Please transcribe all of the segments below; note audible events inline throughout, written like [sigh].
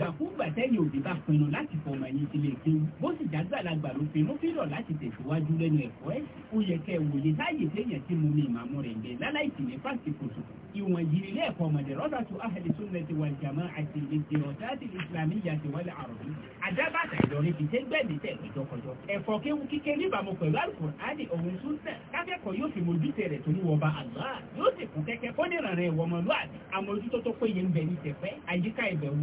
ìgbàkúgbà tẹ́yìn òbí bá pinnu láti fọmọ ẹ̀yìn ti lè kéwu bó sì jágbàlagbà ló pinnu fílọ̀ láti tẹ̀síwájú lẹ́nu ẹ̀kọ́ ẹ̀ ó yẹ kẹ́ ẹ wòye láàyè tẹ́yìn tí mo ní ìmàmú rẹ̀ gbé láláì sì ní fásitì kòtò ìwọ̀n yìí ilé ẹ̀kọ́ ọmọdé rọ́dà tó ahli sunnati wal jama'ati èdè ọ̀dà àti ìsìlámì yàtọ̀ wal arabi àdábàtà ìdọ̀rin fi tẹ́gbẹ̀mí tẹ̀ ìjọkọjọ ẹ̀fọ́ kéwu kíké níbàámu pẹ̀lú àlùkùránì òun súnà kákẹ́kọ̀ọ́ àyíká ìbẹ̀wò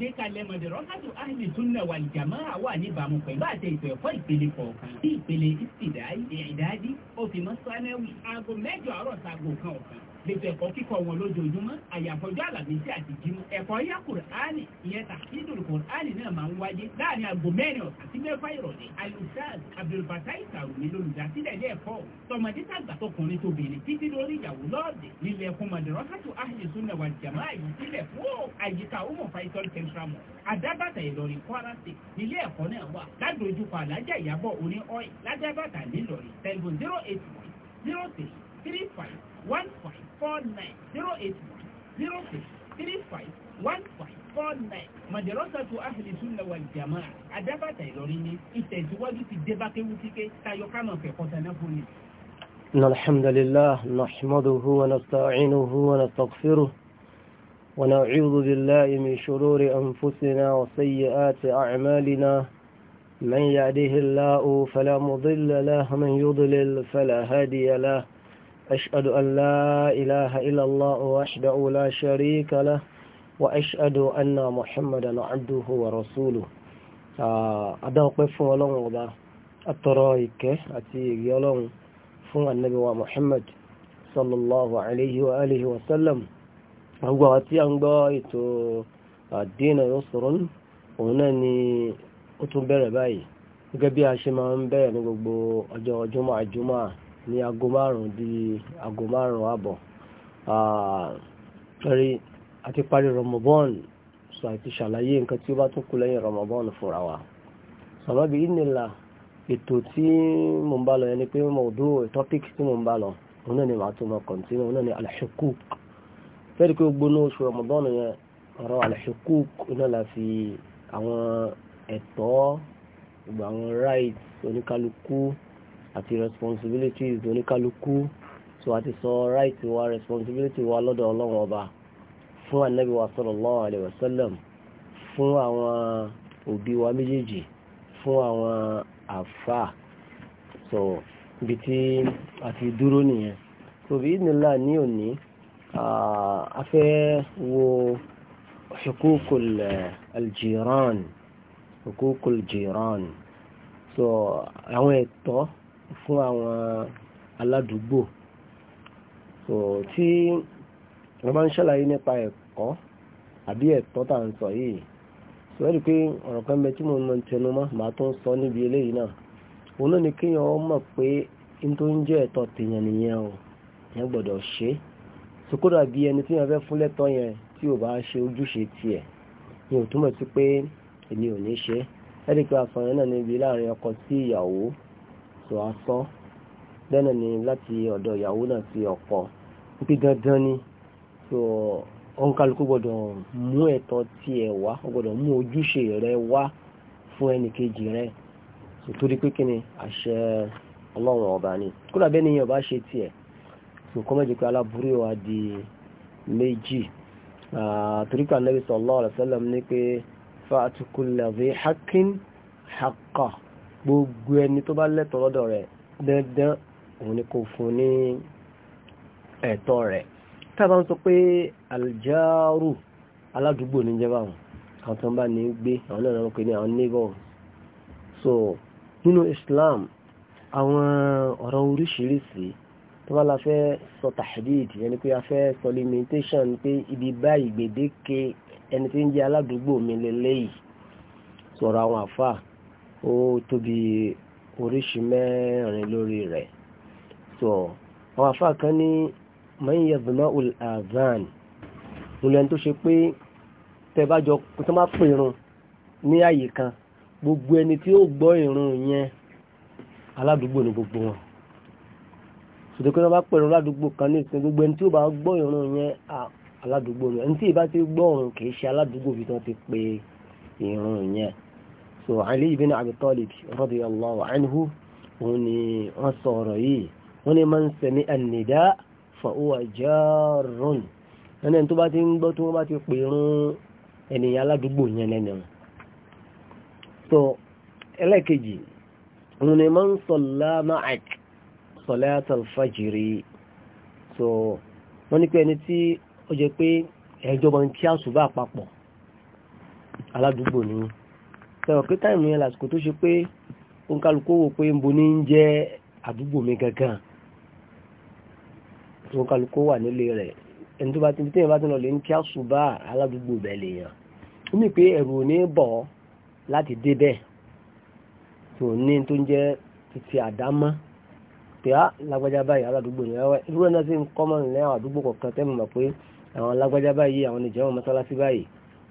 yìí àlàkalẹ̀ mọ̀dẹ̀rọ́kàtù ahli sunna wal jamaa wà níbàámu pẹ̀lú àti ètò ẹ̀kọ́ ìpele kọ̀ọ̀kan bí ìpele ìsìdáì ìdádi òfìmọ́sánẹ́wì aago mẹ́jọ àárọ̀ sago kan ọ̀kan gbèsè ẹ̀kọ́ kíkọ́ wọn lójoojúmọ́ àyàfọ́jọ́ àlàmísì àti jímọ̀ ẹ̀kọ́ yá kùránì ìyẹn tàkídùn kùránì náà máa ń wáyé láàrin aago mẹ́rin àti mẹ́fà ìrọ̀lẹ́ alustaz abdulfatai Sarumi lolùdásílẹ̀ ilé ẹ̀kọ́ tọmọdé tàgbà tọkùnrin tóbìnrin títí lórí ìyàwó lọ́ọ̀dẹ̀ nílẹ̀ fún madrasatu ahli sunna wal jamaa yìí sílẹ̀ fún àyíká umu faisal central mall adábàtà ìlọrin kwara state ilé ẹ̀kọ́ náà wà ládojúkọ alájà ìyàbọ̀ oní ọ́ì ládábàtà nílọrin tẹlifon zero eight one zero three three five one five four nine zero eight one zero six three five Ìlọrin ni ìtẹ̀síwájú ti débákéwú síké tayọ kánà fẹ̀kọ́ tẹ̀lé fún mi. إن الحمد لله نحمده ونستعينه ونستغفره ونعوذ بالله من شرور أنفسنا وسيئات أعمالنا من يهده الله فلا مضل له من يضلل فلا هادي له أشهد أن لا إله إلا الله وأشهد لا شريك له وأشهد أن محمدا عبده ورسوله أدوق فون الله وضع الترايك أتيق يلون فون النبي ومحمد صلى الله عليه وآله وسلم هو أتيان أنبايت الدين يسر ونني أتنبر باي gẹ́gẹ́ bí بي نقول máa ń bẹ̀rẹ̀ ní ní aago márùn-ún di aago márùn-ún àbọ̀ rí àti parí Ramadan sọ àti ṣàlàyé nǹkan tí ó bá tún kù lẹ́yìn Ramadan fúnra wa sọ̀rọ̀ bí ìnìlà ètò tí mo ń bá lọ yẹn ni pé mo dó topic tí mo ń bá lọ òun náà ni màá tún mọ kọ̀ǹtínú òun náà ni al-hukuk fẹ́ẹ́rì pé gbóná oṣù Ramadan yẹn ọ̀rọ̀ al-hukuk náà la fi àwọn ẹ̀tọ́ gbogbo àwọn rights oníkálukú àti responsibilities oníkálukú so àti sọ right wa responsibility wa lọ́dọ̀ ọlọ́run ọba fún anabi wa sallallahu alayhi wa sallam fún àwọn òbí wa méjèèjì fún àwọn àfà so ibi tí a ti dúró nìyẹn so bí nílá ní òní a fẹ́ wo hukukul aljiran hukukul jiran so àwọn ẹ̀tọ́ fún àwọn aládùúgbò so tí wọ́n bá ń ṣàlàyé nípa ẹ̀kọ́ àbí ẹ̀tọ́ tà ń sọ yìí so ẹ́ rí pé ọ̀rọ̀ kan bẹ tí mo mọ tẹnu mọ́ màá tó ń sọ níbi eléyìí náà òun náà ni kéèyàn mọ̀ pé n tó ń jẹ́ ẹ̀tọ́ tèèyàn nìyẹn o èèyàn gbọ́dọ̀ ṣe é so kódà bí ẹni tí wọ́n fẹ́ fún lẹ́tọ́ yẹn tí ò bá ṣe ojúṣe tiẹ̀ ni ò túmọ̀ sí pé èmi ò ní ṣe ẹ́ rí pé àfọ̀yàn náà níbi láàrin ọkọ sí ìyàwó sọ asọ bẹ́ẹ̀ náà ni láti ọ̀dọ̀ ìyàwó náà sí ọkọ pé dandan ni tó ọ̀nkálukú gbọ́dọ̀ mú ẹ̀tọ́ tí ẹ wá ó gbọ́dọ̀ mú ojúṣe rẹ wá fún ẹnìkejì rẹ torí pé kí ni àṣẹ ọlọ́run ọba ni kódà bẹ́ẹ̀ ni ọba ṣe tiẹ̀ nǹkan méjì pé aláburú wa di méjì torí pé anabi sallallahu alaihi wasallam ní pé fa'atu kulli dhi haqqin haqqahu gbogbo ẹni tó bá lẹ́tọ̀ọ́ lọ́dọ̀ rẹ̀ dandan òun ni kò fún ní ẹ̀tọ́ rẹ̀ tábà ń sọ pé aljaru aládùúgbò ní jẹba àwọn àwọn tó ń bá ní gbé àwọn náà wọ́n pè ní àwọn neighbor so nínú Islam àwọn ọ̀rọ̀ oríṣiríṣi tó bá la fẹ́ sọ tahdid ẹni pé a fẹ́ sọ limitation pé ibi báyìí gbèdéke ẹni tí ń jẹ́ aládùúgbò mi lélẹ́yìí sọ̀rọ̀ àwọn àfáà ó tóbi oríṣi mẹ́rin lórí rẹ̀ tó àwọn àfáà kan ní mẹ́yìn yẹ̀bùnà al-azan múlẹ̀ tó ṣe pé tẹ́bájọ tó máa pè irun ní àyè kan gbogbo ẹni tí ó gbọ́ irun yẹn aládùúgbò ní gbogbo wọn ṣùdókè náà bá pè irun aládùúgbò kan ní ìsìn gbogbo ẹni tí ó bá gbọ́ irun yẹn aládùúgbò ní tí ìbá ti gbọ́ irun kì ṣe aládùúgbò bí wọ́n ti pe irun yẹn so Ali ibn Abi Talib radiyallahu anhu òun ni wọ́n sọ ọ̀rọ̀ yìí wọ́n ni man sami an-nida fa huwa jarrun ẹni tó bá ti ń gbọ́ tó bá ti pè rún ènìyàn aládùúgbò yẹn lẹ́nu so ẹlẹ́kejì òun man salla ma'ak salatul fajri so wọ́n ní pé ẹni tí ó jẹ pé ẹjọba ń kí àṣùbà papọ̀ aládùúgbò ni sẹ̀wọ̀n pé táìmù yẹn lásìkò tó ṣe pé òǹkàlùkò wò pé nbo ní ń jẹ́ àdúgbò mi gangan òǹkàlùkò wà nílé rẹ̀ ẹni tó bá ti tẹ́yìn bá ti lọ lè ń kí àṣùbà aládùúgbò bẹ̀ lèèyàn ó mì pé ẹ̀rù ò ní bọ̀ láti dé bẹ́ẹ̀ tó ní tó ń jẹ́ títí àdámọ́ pé á ah, lágbájá báyìí aládùúgbò ni ẹwẹ́ irú ẹ̀ náà sì ń kọ́mọ̀ ní àwọn àdúgbò kọ̀ọ̀kan tẹ́mù mọ̀ pé àwọn lágbájá báyìí àwọn ìjọba mọ́sálásí báyìí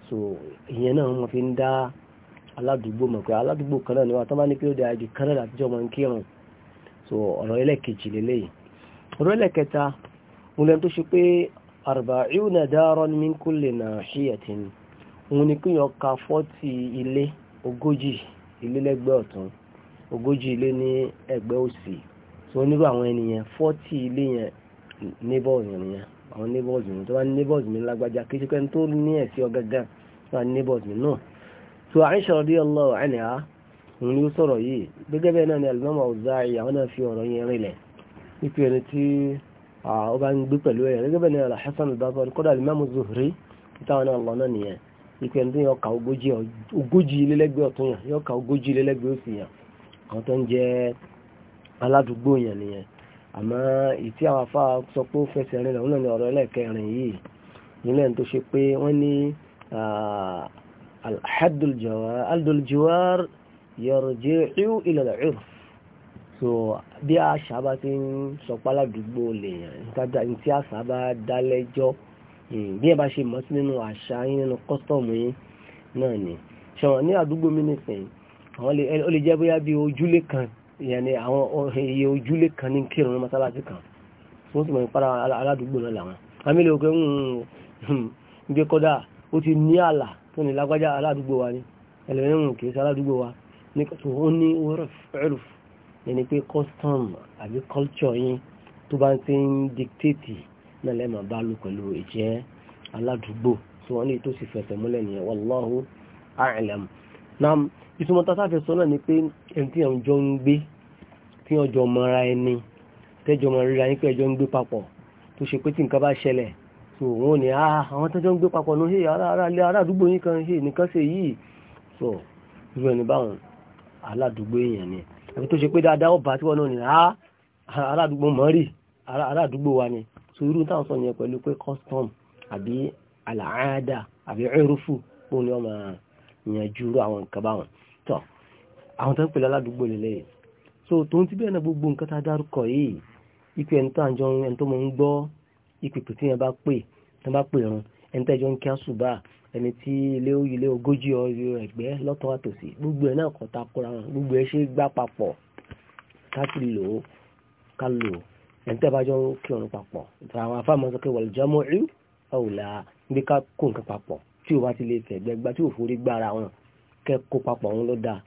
so ìyẹn náà wọ́n fi ń dá aládùúgbò mọ̀ pé aládùúgbò kan náà ni wọ́n tán bá ní pé ó dẹ̀ àjò kan náà àtijọ́ máa ń kírun so ọ̀rọ̀ ẹlẹ́kejì lélẹ́yìí ọ̀rọ̀ ẹlẹ́kẹta òun lẹ́nu tó ṣe pé arba'una òun ni kí ka fọ́tì ilé ogójì ilé lẹ́gbẹ́ ọ̀tún ogójì ilé ní ẹgbẹ́ òsì so onírú àwọn ènìyàn fọ́tì ilé yẹn neighbors mi tó bá mi lágbájá kí ṣe pé ní tó ní ẹ̀sìn so Aisha radiyallahu anha òun ni ó sọ̀rọ̀ yìí gẹ́gẹ́ bẹ́ẹ̀ náà ni alimami Awzaa'i àwọn náà fi ọ̀rọ̀ yẹn rinlẹ̀ nípa ẹni tí ó bá ń gbé pẹ̀lú ẹ̀ gẹ́gẹ́ bẹ́ẹ̀ ni Al-Hasan al-Basri kọ́dà alimami Zuhri táwọn náà lọ náà nìyẹn nípa ẹni tí yọ ka ogójì ilélẹ́gbẹ̀ẹ́ ọ̀tún yàn yọ ka ogójì ilélẹ́gbẹ̀ẹ́ òsì yàn àwọn tó ń jẹ́ aládùúgbò yàn nìyẹn àmọ́ ìtí àwọn afá الحد الجوار حد الجوار يرجع إلى العرف so bí a sábà ti ń sọpá ládùúgbò lèèyàn nǹkan tí a sábà dá lẹ́jọ́ bí ẹ bá ṣe mọ̀ sí nínú àṣà yín nínú kọ́sítọ́ọ̀mù yín náà ni ṣọ̀wọ́n ní àdúgbò mi nìsín àwọn ó lè jẹ́ bóyá bí ojúlé kan ìyẹn ni àwọn iye ojúlé kan ní kírun ní mọ́sálásí kan wọ́n sì mọ̀ nípa aládùúgbò náà làwọn àmì lè ń gbé kọ́dà ó ti ní àlà tó ní lágbájá aládùúgbò wa ni ẹlẹ́rìn kìí sí aládùúgbò wa ní tó ó ní urf ẹni pé custom àbí culture yín tó bá ti ń dictate náà lẹ́mọ̀ bá lò pẹ̀lú ìjẹ́ aládùúgbò tí wọ́n ní tó sì fẹsẹ̀ múlẹ̀ nìyẹn wallahu a'lam náà ìtumọ̀ tá sáfẹ́ sọ ni pé ẹni tí ọjọ́ ń gbé tí ọjọ́ mọ́ra ẹni tẹ́jọ́ mọ́ ríra yín pé ẹjọ́ ń gbé papọ̀ so wọn ni ah, àwọn tọ́jọ́ ń gbé papọ̀ ní hey aráàlẹ́ aráàdúgbò yín kan hey nìkan ṣe yìí so irú ẹni báwọn aládùúgbò èèyàn ni àbí tó ṣe pé dáadáa ọba tí wọn náà ni ah, aráàdúgbò mọ́rì aráàdúgbò wa ni so irú táwọn sọ yẹn pẹ̀lú pé custom àbí àlàáda àbí ẹrúfù òun ni wọn máa yanjú àwọn nǹkan báwọn tọ àwọn tó ń pèlè aládùúgbò lélẹ́yìn so tòun ti bẹ́ẹ̀ náà gbogbo nǹkan tá a dárúkọ yìí ikú ẹni tó àjọ ẹni tó mọ̀ ń gbọ́ ìpèpè tí yẹn bá pè tí wọ́n bá pè run ẹni tẹ́jọ́ ń kí àṣùbà ẹni tí ilé ilé ogójì ọyọ ẹgbẹ́ lọ́tọ̀ àtòsí gbogbo ẹ̀ náà kọta kóra wọn gbogbo ẹ̀ ṣe gbá papọ̀ ká sì lò ó ká lò ó ẹni tẹ́ bá jọ ń kí ọ̀run papọ̀ àwọn afáàmọ́ sọ pé wọ̀lùjọ́ mọ́ rí ọ̀la bí ká kó nǹkan papọ̀ tí o bá ti lè fẹ̀gbẹ́ gbá tí o forí gbára wọn kẹ́ kó papọ̀ wọn ló dáa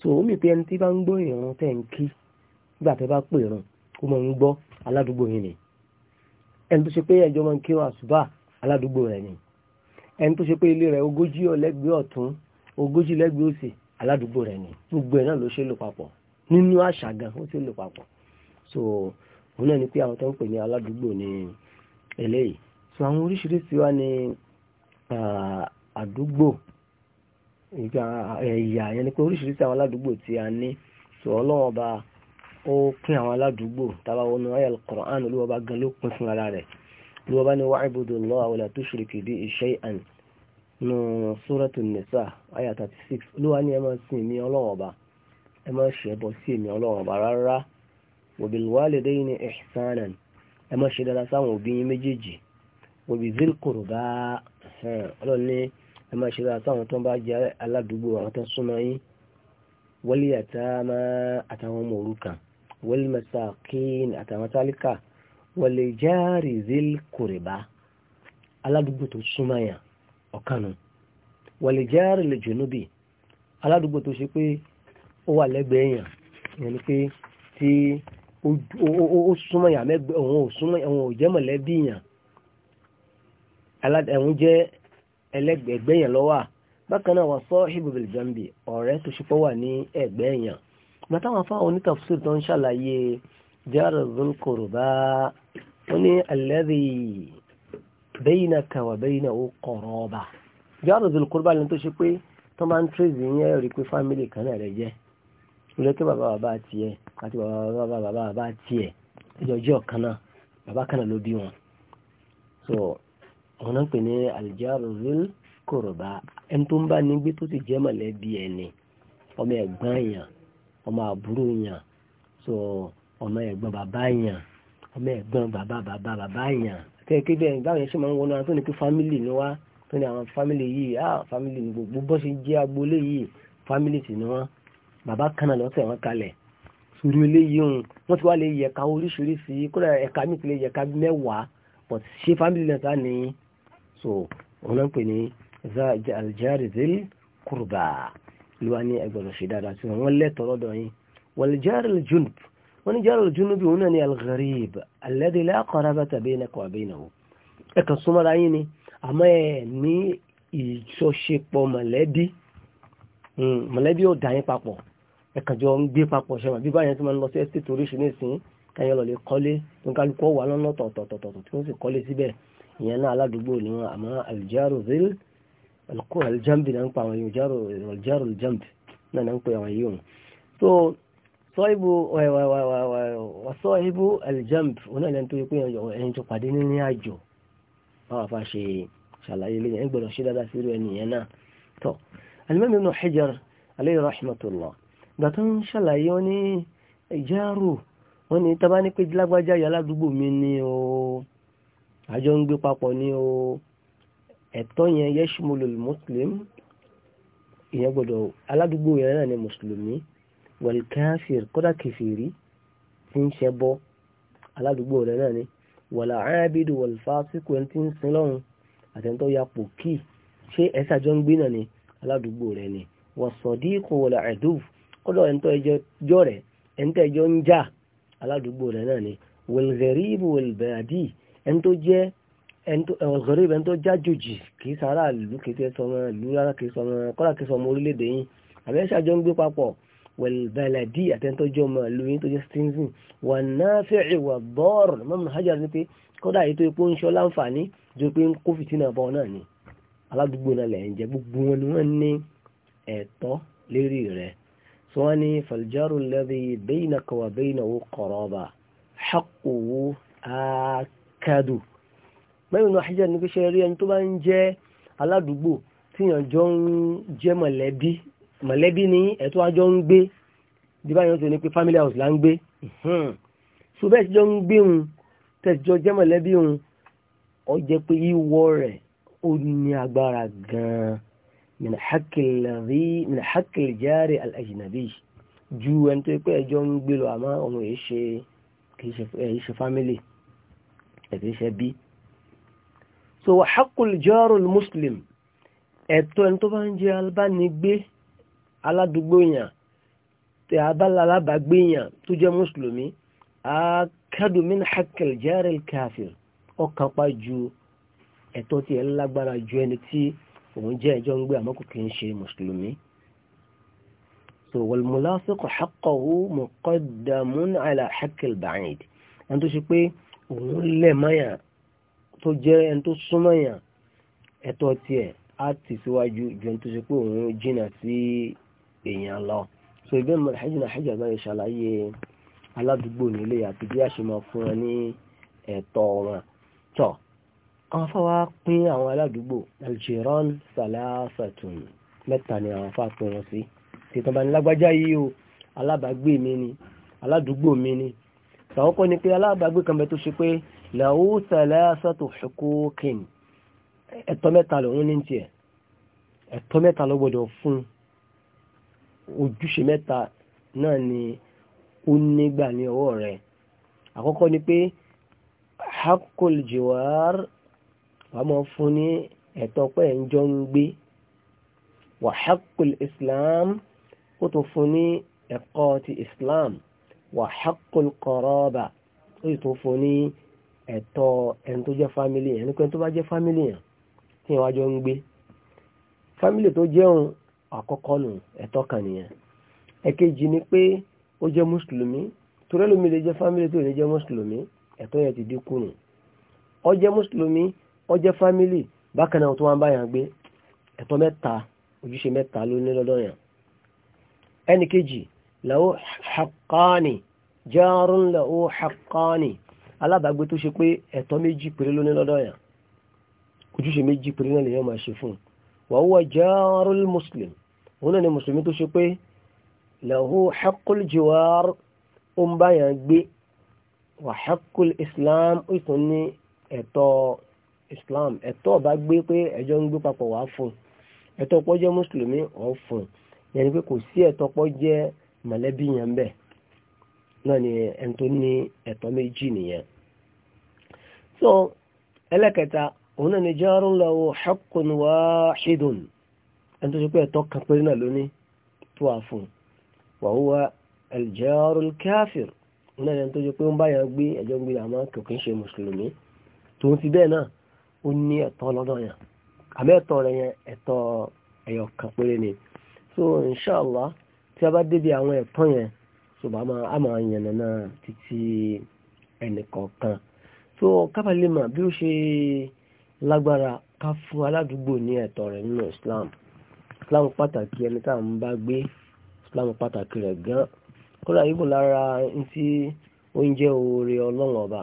so omi pé ẹni tí bá ń gbọ́ ìrun tẹ́ ń kí gbà tẹ́ bá pè ìrun kó mọ̀ ń gbọ́ aládùúgbò yìí nìyí ẹni tó ṣe pé ẹjọ́ máa ń kí àṣùbà aládùúgbò rẹ̀ ni ẹni tó ṣe pé ilé rẹ̀ ogójì ọ̀lẹ́gbẹ̀ẹ́ ọ̀tún ogójì lẹ́gbẹ̀ẹ́ òsì aládùúgbò rẹ̀ ni gbogbo ẹ̀ náà ló ṣe lò papọ̀ nínú àṣà gan ó ṣe lò papọ̀ so òun náà ni pé àwọn tó ń pè ní aládùúgbò ni eléyìí so àwọn oríṣiríṣi wá ní àdúgbò ẹ̀yà yẹn ni pé oríṣiríṣi àwọn aládùúgbò tí a ní so ọlọ́wọ́n ọba ó pín àwọn aládùúgbò tàbá wọnú ayé al-Qur'an olúwa bá gan ló pín fún ara rẹ̀ olúwa bá ní wa'budullaha wa la tushriku bihi shay'an nù suratu nisa ayé 36 olúwa ní ẹ máa sin èmi ọlọ́wọ́ ọba ẹ máa ṣe ẹbọ sí èmi ọlọ́wọ́ ọba rárá wa bil walidayni ihsanan ẹ máa ṣe dáadáa sáwọn òbí yín méjèèjì wa bi zil qurba ọlọ́ni ẹ ṣe dáadáa sáwọn tó ń wal-masakin àtàwọn tálíkà wal-jari zil-qurba aládùúgbò tó súnmọ́ yàn ọ̀kanu wal-jari lil-junubi aládùúgbò tó ṣe pé ó wà lẹ́gbẹ̀ẹ́ yàn yẹn ni pé tí ó súnmọ́ yàn mẹ́gbẹ́ òun ò súnmọ́ yàn òun ò jẹ́ mọ̀lẹ́bí yàn ẹ̀hún jẹ́ ẹlẹ́gbẹ̀ẹ́gbẹ́ yàn lọ́wọ́ bákan náà wà sahibu bil-janbi ọ̀rẹ́ tó ṣe pọ́ wà ní ẹ̀gbẹ́ yàn gbàtàwọn afáwọn onítàfsir tó ń ṣàlàyé jar zulkurba wọ́n ní alladhi baynaka wa baynahu qaraba jar zulkurba lẹ́nu tó ṣe pé tó máa ń tírèzì yẹn rí pé fámìlì kan náà rẹ̀ jẹ́ lórí pé bàbá bàbá tiẹ̀ àti bàbá bàbá bàbá bàbá tiẹ̀ ìjọjọ́ kan bàbá kan ló bí wọn. so wọn náà pè ní aljar zulkurba ẹni tó ń bá nígbé tó ti jẹ́ mọ̀lẹ́bí ẹni ọmọ ẹ̀gbọ́n èèyàn ọmọ àbúrò yàn so ọmọ ẹ̀gbọ́n bàbá yàn ọmọ ẹ̀gbọ́n bàbá bàbá bàbá yàn kẹ́kẹ́ bẹ́ẹ̀ báwọn yẹn ṣe máa ń wọnú àwọn tó ní pé fámìlì ni wá tó ní àwọn fámìlì yìí ah fámìlì ni gbogbo bó ṣe jẹ́ agboolé yìí fámìlì sì ni wọ́n bàbá kanna lọ́sẹ̀ wọn kalẹ̀ sùúrù eléyìí òun wọ́n ti wá lè yẹ̀ka oríṣiríṣi kódà ẹ̀ka mi ti lè yẹ̀ka mẹ́wàá but ṣé fámìlì náà sáà ní so òun náà ń pè ní aljarizil kurba ló wá ní ẹgbẹ̀rún ṣe dáadáa tí wọ́n lẹ́tọ̀ọ́ lọ́dọ̀ yín wal-jār al-junub wọ́n ní jār al-junub òun náà ní al-gharīb alladhī lā qarābata baynaka wa baynahu ẹ kàn súnmọ́ra yín ni àmọ́ ẹ ní ìjọṣepọ̀ mọ̀lẹ́bí hmm, mọ̀lẹ́bí ò dá yín papọ̀ ẹ kàn jọ ń gbé papọ̀ ṣẹ́wọ̀n bí báyẹn tí wọ́n lọ sí ẹ́sítẹ́tì oríṣiríṣi kẹyìn lọ alqura aljambi náà ń pa àwọn yòójárò aljaru aljambi náà náà ń pe àwọn yìí wọn so sọ́ìbù wàsọ́ìbù aljambi oní ẹ̀lẹ́ni tó yẹ pé ẹni tó pàdé nínú àjò báwọn afa ṣe ṣàlàyé lẹ́yìn ẹ̀ gbọ́dọ̀ ṣe dáadáa sí irú ẹni yẹn náà tọ́ alimami ibn Hajar alayhi rahmatullah gbà tó ń ṣàlàyé wọn ní ìjárò wọn ní tábà ní pé lágbájá yàrá àdúgbò mi ni o àjọ ń gbé papọ̀ ni o ẹ̀tọ́ yẹn yashmulul muslim ìyẹn gbọ́dọ̀ aládùúgbò yẹn náà ni mùsùlùmí wal kafir kódà kẹfìrí tí ń ṣe bọ́ aládùúgbò rẹ̀ náà ni wàlà ábídù wal fasiq ẹni tí ń sin lọ́run àtẹ̀ntọ́ ya pò kí ṣé ẹ̀sà jọ ń gbé náà ni aládùúgbò rẹ̀ ni wa sadiqu wal aduw kódà ẹ̀ntọ́ ẹjọ́ rẹ̀ ẹ̀ntọ́ ẹjọ́ ń já aládùúgbò rẹ̀ náà ni wal gharibu wal ẹ̀ntọ́ jẹ́ ọ̀gọ̀rọ̀ ibẹ̀ tó jájòjì kì í sára ìlú kì í tẹ́ sọmọ ìlú rárá kì í sọmọ kọ́lá kì í sọmọ orílẹ̀-èdè yín àbẹ́sẹ̀ àjọ ń gbé papọ̀ wẹ̀lbẹ̀lẹ̀dí àtẹ́ntọ́jọ́ ọmọ ìlú yín tó jẹ́ stinson wà náà fẹ́ẹ̀ wà bọ́ọ̀rù mọ́mọ́ hajar ní pé kọ́dà èyí tó epo ń ṣọ́ láǹfààní jọ pé ń kó fìtínà bọ́ náà ni aládùúgbò náà lẹ̀ jẹ́ gbogbo mẹ́rin náà ṣíjẹ́ ní kíṣẹ́ rí ẹni tó bá ń jẹ́ aládùúgbò tíyàn jọ ń jẹ́ mọ̀lẹ́bí mọ̀lẹ́bí ní ẹ̀tọ́ àjọ ń gbé bí báyọ̀ tó ní pé family house là ń gbé so bẹ́ẹ̀ tíjọ́ ń gbé òun tẹ̀síjọ́ jẹ́ mọ̀lẹ́bí òun ọ jẹ́ pé ìwọ rẹ̀ ó ní agbára gan-an min hakil jari al ju ẹni tó pé ẹjọ́ ń gbé lọ àmọ́ òun èyí ṣe family ẹ̀kẹ́ ṣe bí so hakul jarul muslim ẹ̀tọ́ ẹni tó bá ń jẹ́ alábánigbé aládùúgbò yàn tẹ abala alábàgbé yàn tó jẹ́ mùsùlùmí akadu min hakul jarul kafir ọkàn pa ju ẹ̀tọ́ tí ẹ lágbára ju ẹni tí òun jẹ́ ẹjọ́ ń gbé àmọ́ kò kí ń ṣe mùsùlùmí so haqqahu muqaddamun ala hakil ba'id ẹni tó ṣe pé òun lẹ̀ mọ́yàn tó jẹ́ ẹni tó súnmọ́ yàn ẹ̀tọ́ tiẹ̀ á ti síwájú ju ẹni tó ṣe pé òun jìnnà sí èèyàn lọ so ìgbẹ́ mọ̀ hajjina hajj àbáyé ṣàlàyé aládùúgbò nílé àti bí a ṣe máa fún wọn ní ẹ̀tọ́ wọn tọ́ àwọn afáwá pín àwọn aládùúgbò aljiran salasatun mẹ́ta ni àwọn afá pín wọn sí tìtàn bá ní lágbájá yìí o alábàágbé mi ni aládùúgbò mi ni tàwọn kọ́ ni pé alábàágbé kan bẹ tó ṣe pé làwù sàlẹ́sàtò ṣokókin ẹ̀tọ́ mẹ́ta lòun ní tiẹ̀ ẹ̀tọ́ mẹ́ta ló gbọ́dọ̀ fún ojúṣe mẹ́ta náà ni ó nígbà ní ọwọ́ rẹ̀ àkọ́kọ́ ni pé hakul jiwar mọ́ fún ní ẹ̀tọ́ pé ń jọ ń gbé wà hakul islam ó tó fún ní ẹ̀kọ́ ti islam wà hakul kọ̀rọ̀bà ó tó fún ní ẹ̀tọ́ ẹni tó jẹ́ fámílì yẹn nípa ẹni tó bá jẹ́ fámílì yẹn tí yẹn wájọ ń gbé fámílì tó jẹun àkọ́kọ́ nù ẹ̀tọ́ kan nìyẹn ẹ̀kejì ni pé ó jẹ́ mùsùlùmí torí lómi lè jẹ́ fámílì tó lè jẹ́ mùsùlùmí ẹ̀tọ́ yẹn ti dínkù nù ó jẹ́ mùsùlùmí ó jẹ́ fámílì bákan náà tó wá ń bá yàn gbé ẹ̀tọ́ mẹ́ta ojúṣe mẹ́ta ló ní lọ́dọ̀ yẹn ẹnì kejì lahu haqqani jarun lahu haqqani alábàágbé tó ṣe pé ẹ̀tọ́ méjì péré ló ní lọ́dọ̀ yàn ojúṣe méjì péré náà lèyàn máa ṣe fún un wa huwa jarul muslim òun náà ni mùsùlùmí tó ṣe pé lahu haqqul jiwar ó ń bá gbé wa haqqul islam ó tún ní ẹ̀tọ́ islam ẹ̀tọ́ ọba gbé pé ẹjọ́ ń gbé papọ̀ wá fún un ẹ̀tọ́ pọ́ jẹ́ mùsùlùmí ọ̀ fún yẹn ni pé kò sí ẹ̀tọ́ pọ́ jẹ́ mọ̀lẹ́bí yẹn bẹ́ẹ̀ náà ni ẹni tó ní ẹ̀tọ́ méjì nìyẹn so ẹlẹ́kẹta òun náà ni jarun lahu haqqun wahidun ẹni tó ṣe pé ẹ̀tọ́ kan péré náà lóní tó wà fún wa huwa al-jarul kafir òun náà ni ẹni tó ṣe pé ń báyà gbé ẹjọ́ gbé àmọ́ kò kí ń ṣe mùsùlùmí tòun ti bẹ́ẹ̀ náà ó ní ẹ̀tọ́ lọ́dọ̀ yẹn àmẹ́tọ̀ rẹ̀ yẹn ẹ̀tọ́ ẹ̀yọ̀ kan péré ni so inshallah tí a bá débi àwọn ẹ̀tọ́ yẹn so bàbá àmà yànnà náà títí ẹnìkọ̀ọ̀kan so kábàlì mà bí ó ṣe lágbára ká fún aládùúgbò ní ẹ̀tọ́ rẹ̀ nínú Islam Islam pàtàkì ẹni tá à ń bá gbé Islam pàtàkì rẹ̀ gan kódà yíbò lára ntí oúnjẹ oore ọlọ́run ọba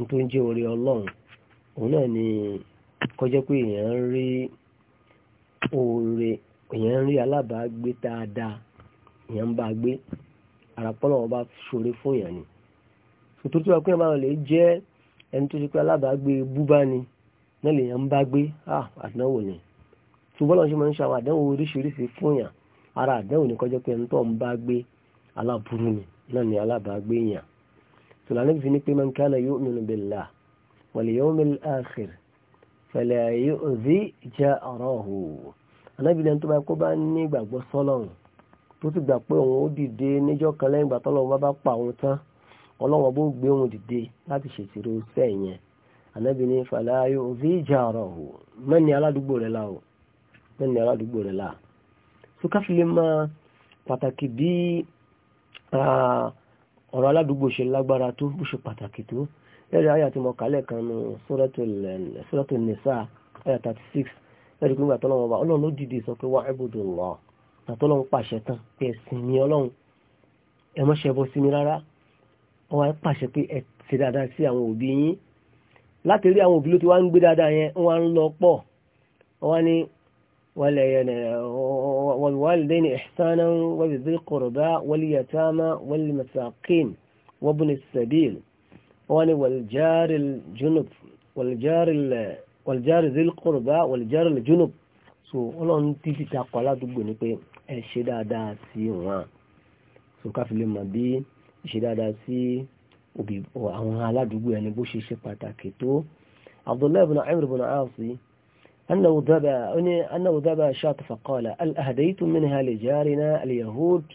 ntí oúnjẹ oore ọlọ́run òun náà ni kọjá pé èèyàn ń rí oore èèyàn ń rí alábàágbé dáadáa èèyàn ń bá gbé àràpọ́lọ̀ ọba ṣòro fún yàn ni tòtò tí wọ́n pín ọba lè jẹ́ ẹni tó ti pé alábàágbé búbá ni náà lè yàn ń bá gbé ah, àdánwò ni ṣùgbọ́n lọ́n ṣe máa ń ṣe àwọn àdánwò oríṣiríṣi fún yàn ara àdánwò ni kọjá pé ẹni tó ń bá gbé aláburú ni náà ni alábàágbé yàn tòlánà fi ní pé man kana yu'minu billah wal yawmil akhir fala yu'zi jarahu anábìlẹ̀ tó bá kó tó ti gbà pé òun ó dìde níjọ́ kan lẹ́yìn ìgbà tọ́lọ́run bá bá pa òun tán ọlọ́run bó gbé òun dìde láti ṣètìrò iṣẹ́ yẹn ànábì ní fàlàyé òfin o mẹ́ni aládùúgbò rẹ̀ la o mẹ́ni aládùúgbò rẹ̀ la tó máa pàtàkì bí ọ̀rọ̀ aládùúgbò ṣe lágbára tó bó ṣe pàtàkì tó lẹ́rìí ayé àti mọ̀kálẹ̀ kan nu ayé lẹ́rìí pé ọlọ́run tàtọ́lọ́run pàṣẹ tán pé ẹ̀sìn ni ọlọ́run ẹ má ṣẹbọ sí mi rárá wọ́n wá pàṣẹ pé ẹ ṣe dáadáa sí àwọn òbí yín láti rí àwọn òbí ló ti wá ń gbé dáadáa yẹn wọ́n wá ń lọ pọ̀ wọ́n wá ní والوالدين إحسانا وبذي القربى واليتامى والمساقين وابن السبيل والجار الجنب والجار والجار ذي القربى والجار الجنب so ọlọ́run títí ta kọ́ aládùúgbò ni pé ẹ ṣe dáadáa sí wọn so ká fi lè mọ̀ bí ṣe dáadáa sí òbí àwọn aládùúgbò ẹni bó ṣe ṣe pàtàkì tó Abdullahi ibn Amr ibn Aasi أنه ذبى أنه ذبى شاة فقال هل أهديت منها لجارنا اليهود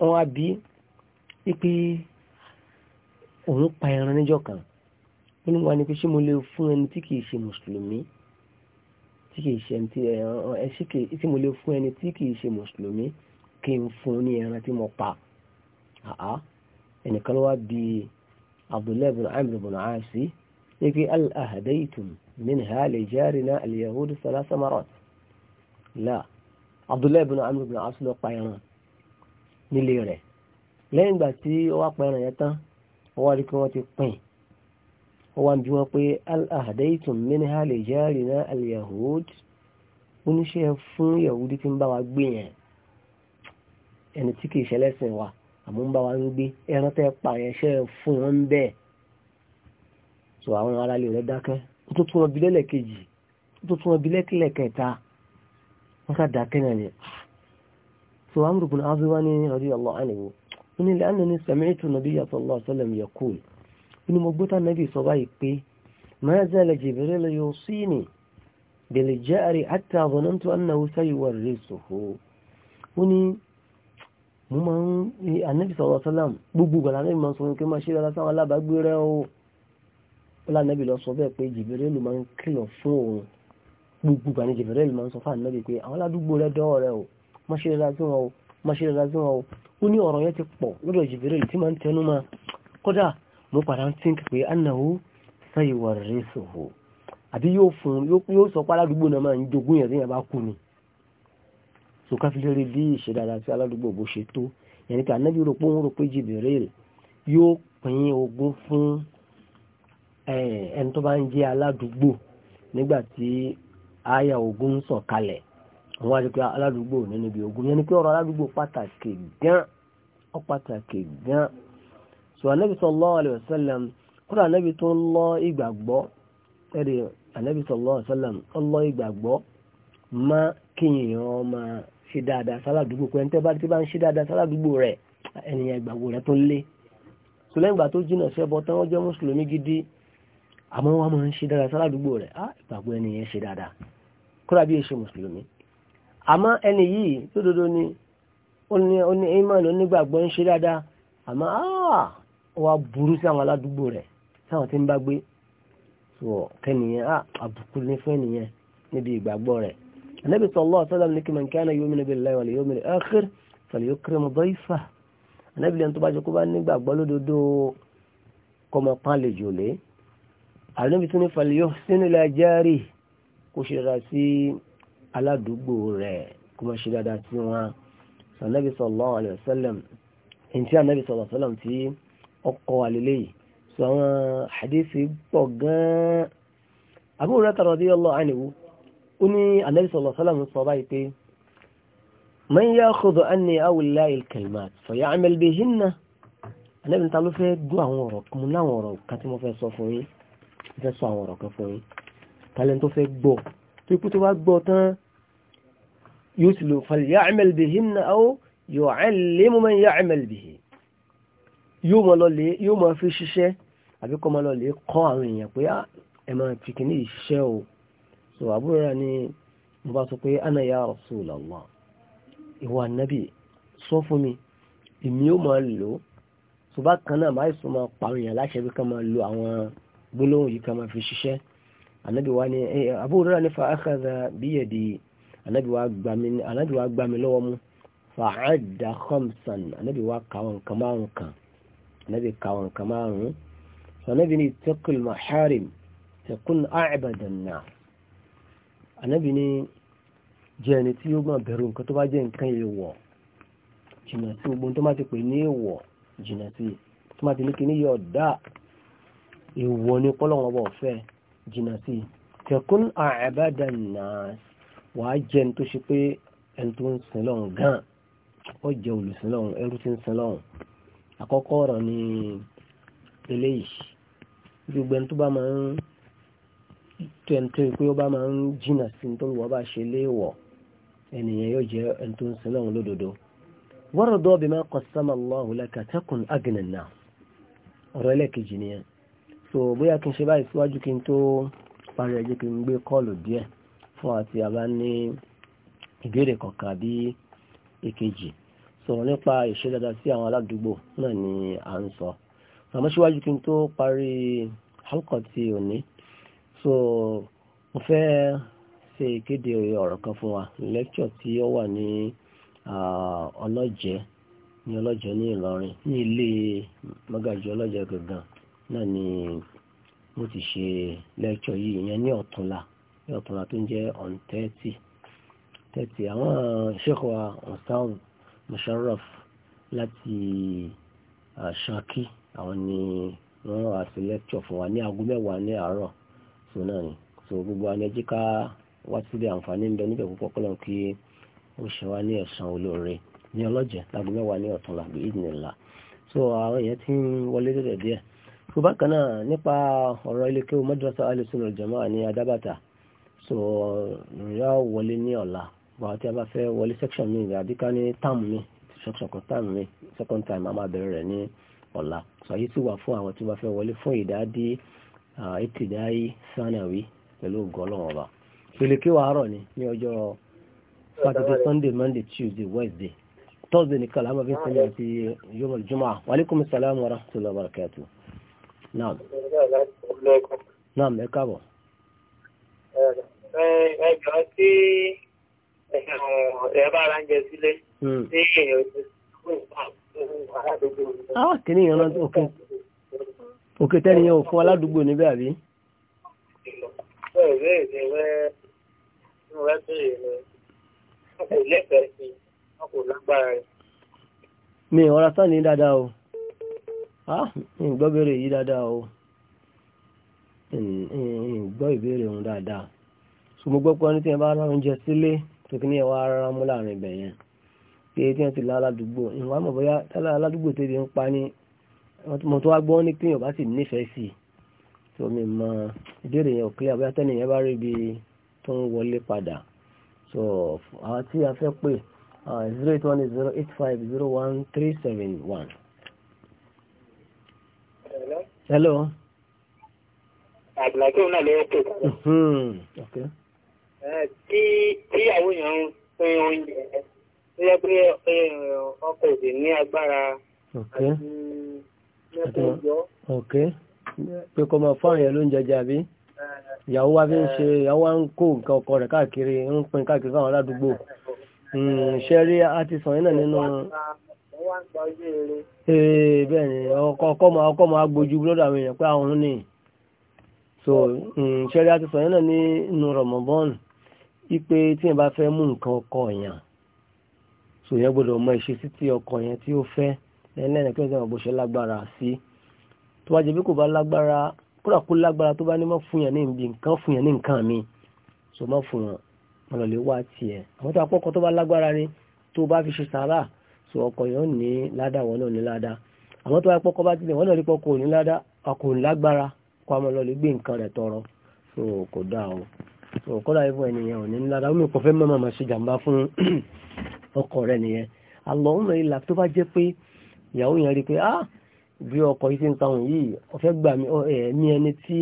wọ́n á bí i pé òun pa ẹran níjọ́ kan nínú wa ni pé ṣé mo lè fún ẹni tí kìí ṣe mùsùlùmí tí kìí ṣe ti ẹṣí kìí tí mo lè fún ẹni tí kìí ṣe mùsùlùmí kí n fún ní ẹran tí mo pa àá ẹnìkan ló wá bí abdullahi bin amr bin aasi ní pé al-ahadaitum min ha lè járe náà al-yahudu salasa marat la abdullahi bin amr bin lọ pa ẹran nílé rẹ̀ lẹ́yìn ìgbà tí ó wá pa ẹran yẹn tán ó wá rí pé wọ́n ti pín wọ́n bí wọ́n pé al minha li jarina al-yahud oníṣẹ́ fún yahudi tí ń bá wa gbé yẹn ẹni tí kìí ṣẹlẹ́sìn wa àmọ́ ń bá wa ń gbé ẹran tẹ́ pa fún wọn bẹ́ẹ̀ so àwọn ará lè rẹ dákẹ́ tó tún wọn bi lẹ́lẹ́kejì wọ́n ká dákẹ́ náà ni radiyallahu ní lẹ́nu ní inú mo gbọ́tà nàbì sọ báyìí pé máa zala Jibril yusini bil jari hatta zanantu annahu sayuwarrisuhu ó ní mo máa ń ànábì sọ̀rọ̀ sọ́lám gbogbo ìgbàlá náà máa ń sọ pé máa ṣe dáadáa sáwọn alábàágbé rẹ̀ o ó lánàbì lọ sọ bẹ́ẹ̀ pé Jibril máa ń kìlọ̀ fún òun gbogbo ìgbà ni Jibril máa ń sọ fún ànábì pé àwọn aládùúgbò rẹ̀ dọ́ọ̀ rẹ̀ o máa wọn o máa ṣe dáadáa sí wọn o ó ní ọ̀rọ̀ yẹn ti pọ̀ lọ́dọ̀ Jibril tí máa ń tẹnu máa mo padà ń tíǹkì pé annahu sayuwarrisuhu àbí yóò fún yóò sọ pé aládùúgbò náà máa ń jogún yẹn téèyàn bá kú ni so káfílẹ̀ rí bí ìṣe dáadáa tí aládùúgbò bó ṣe tó yẹn ká anábì rò pé òun rò pé Jibril yóò pín ogún fún ẹni tó bá ń jẹ́ aládùúgbò nígbà tí àyà ogún ń sọ̀ kalẹ̀ àwọn àdúgbò aládùúgbò nínú ibi ogún yẹn ni pé ọ̀rọ̀ aládùúgbò pàtàkì gan ọ pàtàkì gan so anabi sallallahu alayhi wa sallam kúrò anabi tó ń lọ ìgbàgbọ́ ẹ̀rì anabi sallallahu alayhi wa sallam ń lọ ìgbàgbọ́ má kíyìn ọmọ ṣe dáadáa sáládùúgbò pé ẹni tẹ́ bá ti bá ń ṣe dáadáa sáládùúgbò rẹ̀ ẹnìyàn ìgbàgbọ́ rẹ̀ tó lé so lẹ́yìn ìgbà tó jìnà sí ẹbọ tán wọ́n jẹ́ mùsùlùmí gidi àmọ́ wọn máa ń ṣe dáadáa sáládùúgbò rẹ̀ á ah, ìgbàgbọ́ ẹnìyàn ṣe dáadáa kúrò bí èṣe mùsùlùmí àmọ́ ẹni yìí tó dodo ni ó ní ìmọ̀ ló nígbàgbọ́ ń ṣe dáadáa àmọ́ áà ah, wá burú sí àwọn aládùúgbò rẹ̀ sáwọn tí ń bá gbé so kẹ́niyàn á ah, àbùkù ní fún ènìyàn níbi ìgbàgbọ́ rẹ̀ anábì sallallahu alaihi wasallam ní kí man kana yu'minu billahi wal yawmil akhir falyukrim dayfah anábì lẹ́nu tó bá jẹ́ kó bá nígbàgbọ́ lódodo kọmọ pán lè jòlé anábì tún ní falyuhsin ila jarih kó ṣe dáadáa sí aládùúgbò rẹ̀ kó má ṣe dáadáa sí wọn anábì sallallahu alaihi wasallam ọkọ̀ àlélẹ́ yìí so àwọn hadisi pọ̀ gan-an Abu Hurairah radiyallahu anhu ó ní Ànábì sallallahu alaihi wasallam sọ báyìí pé man ya'khudhu anni aw Allahi al-kalimat fa ya'mal bihinna Ànábì ta ló fẹ́ dú àwọn ọ̀rọ̀ mú láwọn ọ̀rọ̀ kan tí mo fẹ́ sọ fún yín fẹ́ sọ àwọn ọ̀rọ̀ kan fún yín talent tó fẹ́ gbọ́ tó ikú tó bá gbọ́ tán yóò sì lò fal ya'mal bihinna aw yu'allimu man yóò mọ lọlé yóò mọ fi ṣiṣẹ́ àbí kọ́ mọ lọlé kọ́ àwọn èèyàn pé ah, ẹ máa fi kìíní o so àbúrò rẹ ni mo bá sọ pé ana ya Rasulullah ìwà nábì sọ fún mi èmi yóò máa lò ó tó bá kan náà máa sọ máa pàrọ̀ èèyàn láṣẹ bí ká máa lo àwọn gbólóhùn yìí ká máa fi ṣiṣẹ́ ànábì wa ni eh, Abu Hurairah ní fa akhadha biyadi ànábì wa gbà mí lọ́wọ́ fa adda khamsan ànábì wa kà wọn kan márùn kan ànábì ka àwọn nǹkan márùn-ún ànábì ní ittaqil maharim takun a'badan nas ànábì ní jẹ́ ẹni tí yóò máa bẹ̀rù nǹkan tó bá jẹ́ nǹkan èèwọ̀ jìnà sí ogun tó má ti pè ní èèwọ̀ jìnà sí tó má ti ní kí ní yọ dá èèwọ̀ ní pọ́lọ́wọ́n bọ̀ fẹ́ jìnà sí takun a'badan nas wàá jẹ́ tó ṣe pé ẹni tó ń sin lọ́hùn gan-an jẹ́ olùsìn lọ́hùn ẹrú tí ń sin lọ́hùn àkọ́kọ́ ọ̀rọ̀ ni eléyìí gbogbo ẹni tó bá máa ń tó ẹni tó pé ó bá máa ń jìnà sí tó ń wọ́ bá ṣe léèwọ̀ yóò jẹ́ ẹni tó ń sin so bóyá kí n ṣe báyìí síwájú kí n tó parí ẹjẹ́ kí n gbé kọ́ọ̀lù díẹ̀ fún sọ̀rọ̀ nípa ìṣe dáadáa sí àwọn aládùúgbò náà ni à ń sọ àmọ́ síwájú kí n tó parí halkọ̀ òní so mo fẹ́ ṣe ìkéde ọ̀rọ̀ kan fún wa lecture tí ó wà ní ọlọ́jẹ́ ní ọlọ́jẹ́ ní Ìlọrin ní ilé mọ́gàjì ọlọ́jẹ́ gangan náà ni mo ti ṣe lecture yìí ìyẹn ní ọ̀túnla ní ọ̀túnla tó ń jẹ́ on thirty thirty àwọn ṣèkọ̀ọ́ ọ̀sáwùn Musharraf láti Ṣakí àwọn ni wọ́n wá sí lẹ́kṣọ̀ fún wa ní aago mẹ́wàá ní àárọ̀ so náà ni so gbogbo àwọn ẹjẹ́ ká wá síbẹ̀ àǹfààní ń bẹ níbẹ̀ púpọ̀ kọ́lọ̀ kí ó ṣe wá ní ẹ̀san olóore ní ọlọ́jẹ̀ láago mẹ́wàá ní ọ̀tún làgbé ìdìnnìlá so àwọn èèyàn ti ń wọlé dẹ̀dẹ̀ díẹ̀ so bákan náà nípa ọ̀rọ̀ ilé kéwù madrasa alisunul jamaa ní adábàtà so ìrìn yóò wọlé ní ọ̀la bọ̀ àti abá fẹ́ wọlé section mi àbí ká ní term mi section kan term mi second time a máa bẹ̀rẹ̀ rẹ̀ ní ọ̀la sọ yìí ti wà fún àwọn tí wọ́n fẹ́ wọlé fún ìdádí ìtìdáyí sanawi pẹ̀lú ògùn ọlọ́wọ́n ọba pèlèkè wàárọ̀ ni ní ọjọ́ sátidé sunday monday tuesday wednesday thursday nìkan làwọn fi ń sinmi àti yom juma waaleykum salaam wa rahmatulah wa barakatu. naam naam ẹ káàbọ̀. ẹ ẹ jọ sí ẹ bá ara ń jẹ sílé tí èèyàn ti àwọn kìíní yẹn lọ́dún òkè òkè tẹ́ni yẹn ò fún aládùúgbò níbẹ̀ àbí. mi ò ra sáà ní dáadáa o ìgbọ́ béèrè yìí dáadáa o ìgbọ́ ah, ìbéèrè òun dáadáa ṣùgbọ́n gbọ́ pé wọ́n ní tí wọ́n bá rán oúnjẹ sílé tó kí ní ẹwà rárá mú láàrin ibẹ̀ yẹn pé tí wọ́n ti lá aládùúgbò ìwà mọ̀ bóyá tálá aládùúgbò tẹ́bi ń pa ní mo tó wá gbọ́ ní pé yóò bá sì nífẹ̀ẹ́ sí i tó mi mọ ìbéèrè yẹn ò kílẹ̀ bóyá tẹ́nì yẹn bá rí ibi tó ń wọlé padà so àwọn tí a fẹ́ pè zero eight one zero eight five zero one three seven one. hello. àgbàlagbé náà lè tó. tí ìyàwó sì ní agbára ok pé kò mọ̀ fún àyẹ̀ ló ń jẹjẹ àbí ìyàwó wa ń ṣe eh. ìyàwó wa ń kó nǹkan ọkọ rẹ̀ káàkiri ń pín káàkiri fáwọn aládùúgbò hmm, ṣe rí àtisàn yìí náà nínú ee eh, bẹ́ẹ̀ ni ọkọ lọ́dọ̀ àwọn èèyàn pé àwọn ní so hmm, ṣe rí àtisàn yìí náà nínú ipe tí fẹ́ mú nǹkan so yẹn gbọ́dọ̀ mọ ìṣesí tí ọkọ yẹn tí ó fẹ́ ẹlẹ́ni kí wọ́n sọ bó ṣe lágbára sí tó bá jẹ́ bí kò bá lágbára kódà kó lágbára tó bá ní mọ́ fún yẹn ní nǹkan fún yẹn ní nǹkan mi so mọ́ fún wọn wọn lè wá tiẹ̀ àwọn tó apọ́kọ tó bá lágbára ni tó bá fi ṣe sàárà so ọkọ yẹn ò ní ládàá wọn náà ní ládàá àwọn tó apọ́kọ bá tilẹ̀ wọn náà rí pọ́kọ ò ní ládàá ọkọ ò so kò dáa kódà ibò ènìyàn ò ní ńlára omi kò fẹ́ mọ́ màmá ṣe jàǹbá fún [clears throat] ọkọ rẹ̀ nìyẹn àlọ́ òun ìlà tó bá jẹ́ pé ìyàwó yẹn rí pé ah bí ọkọ yìí ti ń tàwọn yìí ọ̀fẹ́ gbà mí eh, ẹni tí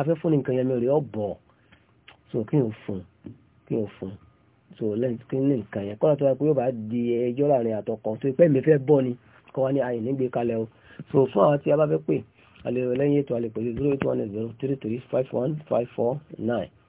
afẹ́ fún nìkan yẹn mi rí ọ̀bọ̀ so kí o fún kí o fún so lẹ́yìn kí n nìkan yẹn kódà tó bá pé yóò bá di ẹjọ́ láàrin àtọkọ tó pẹ́ mi fẹ́ bọ́ ni kọ́ wa ní ayé nígbè kalẹ̀ o so fún àwọn tí a bá fẹ́ pè alẹ́ lẹ́yìn ètò alẹ́ pẹ̀lú zero eight one zero three three five one five four nine.